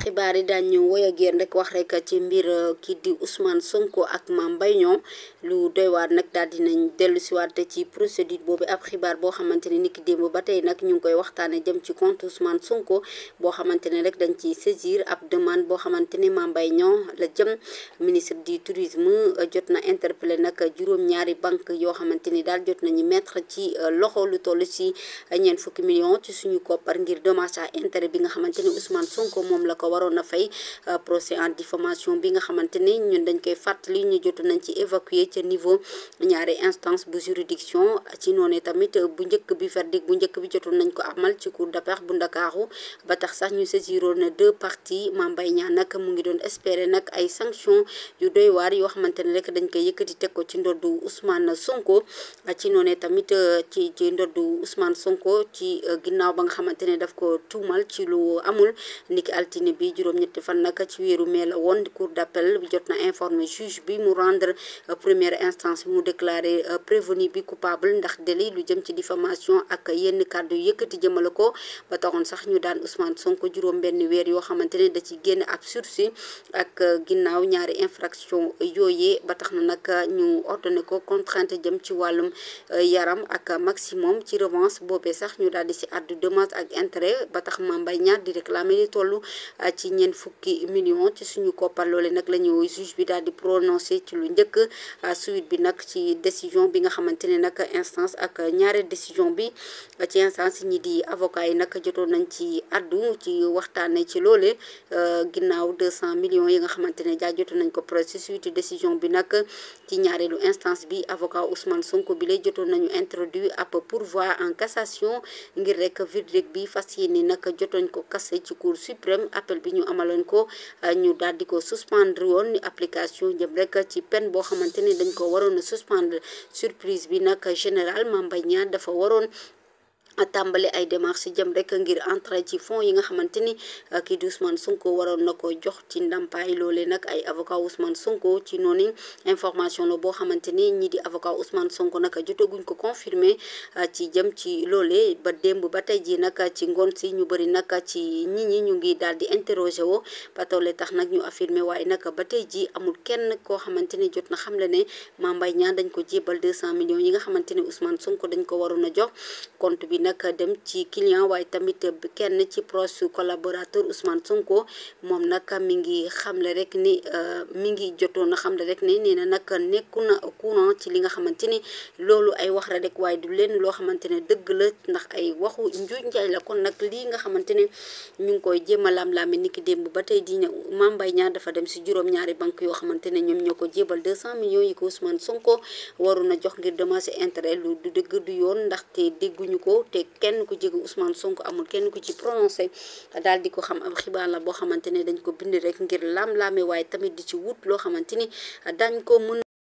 xibaar yi daañu woy ak yéen rek wax rek ci mbir uh, kii di Ousmane Sonko ak Mame Mbaye Niang lu doy nag daal dinañ dellu siwaat ci procédure boobu ab xibaar boo xamante ne niki démb ba tey nag ñu ngi koy waxtaane jëm ci compte Ousmane Sonko boo xamante ne rek dañ ci saisir ab demande boo xamante ne Mame Mbaye Niang la jëm ministre du tourisme uh, jot na interpellé nag juróom-ñaari banque yoo xamante ni daal jot nañu metre ci uh, loxo lu toll ci ñeent fukki million ci suñu koppar ngir dommage à intérêt bi nga xamante ni Ousmane Sonko moom la waroon a fay euh, procès en diffamation bi nga xamante ne ñun dañ koy fàttali ñu jotu nañ ci évacuer ci niveau ñaari instance bu juridiction ci noonu tamit bu njëkk bi verdict bu njëkk bi jotoon nañ ko amal ci cour d'appel bu Ndakaaru ba tax sax ñu saisiroon deux parties Mame Mbaye Niang nag mu ngi doon espérer nag ay sanctions yu doy waar yoo xamante ne rek dañ koy yëkkati teg ko ci ndoddu Ousmane Sonko ci noonu tamit euh, ci ci ndoddu Ousmane Sonko ci euh, ginnaaw ba nga xamante ne daf ko tuumal ci lu amul niki altine bi juróom-ñetti fan nag ci weeru mai la woon cour d'appel bi jot na informé juge bi mu rendre euh, première instance mu déclaré euh, prévenu bi coupable ndax délit lu jëm ci diffamation ak yenn kàddu yëkkati jëmale ko ba taxoon sax ñu daan Ousmane Sonko juróom benn weer yoo xamante ne da ci génn ab sursis ak euh, ginnaaw ñaari infraction yooyee ba tax na nag ñu ordonné ko contrainte jëm ci wàllum yaram ak maximum ci revanche boobee sax ñu daal di si addu demande ak intérêt ba tax Mame Mbaye Niang ci ñeent fukki millions ci suñu koppar loole nag la juge bi daal di prononcé ci lu njëkk suite bi nag ci décision bi nga xamante ne nag instance ak ñaareel décision bi ci instance ñi di avocat yi nag jotoon nañ ci addu ci waxtaanee ci loole euh, ginnaaw 200 millions yi nga xamante ne jaa jotoon nañ ko procès suite décision bi nag ci ñaareelu instance bi avocat Ousmane Sonko bi lay jotoon nañu introduit ab pourvoi en cassation ngir rek verdict bi fas yéene nag jotoon ko kase ci cour suprême appel bi ñu amaloon ko euh, ñu daal di ko suspendre woon application jëm rek ci peine boo xamante ne dañ ko waroon a suspendre surprise bi nag général Mame dafa waroon tàmbali ay démarches jëm rek ngir entrer ci fonds yi nga xamante ni euh, kii di Ousmane sunko waroon na ko jox ci ndàmpaay loolee nag ay avocat Ousmane Sonko ci noonu information la boo xamante ni ñii di avocat Ousmane Sonko nag jotaguñ ko confirmé euh, ci jëm ci loolee ba démb ba tey jii nag ci ngoon si ñu bëri nag ci ñi ñi ñu ngi daal di interroger woo patole tax nag ñu affirmé waaye nag ba tey jii amul kenn koo xamante ni jot na xam le ne Mame ñaan dañ ko jébal 200 millions yi nga xamante ni Ousmane Sonko dañ ko waroon a jox compte nag dem ci client waaye tamit kenn ci proche collaborateur Ousmane Sonko moom nag mi ngi xamle rek ni euh, mi ngi jotoon a xamle rek ni nee na nag nekku na courant ci li nga xamante ni loolu ay wax rek waaye du leen loo xamante ne dëgg la ndax ay waxu njuuj la kon nag lii nga xamante ne ñu ngi koy jéem a laam-laame ni ki démb ba tey di ñëw Mame Mbaye Niang dafa dem si juróom-ñaari banque yoo xamante ne ñoom ñoo ko jébal 200 millions yi ko Ousmane jox ngir demande intérêt lu dëgg du yoon ndaxte dégguñu ko te te kenn ku jege Ousmane Sonko amul kenn ku ci prononcé daal di ko xam ab xibaar la boo xamante ne dañ ko bind rek ngir lam-laame waaye tamit di ci wut loo xamante ni dañ ko mën